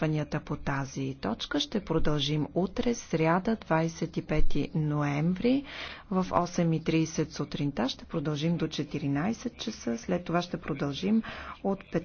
разискванията по тази точка. Ще продължим утре, сряда, 25 ноември, в 8.30 сутринта. Ще продължим до 14 часа. След това ще продължим от 15.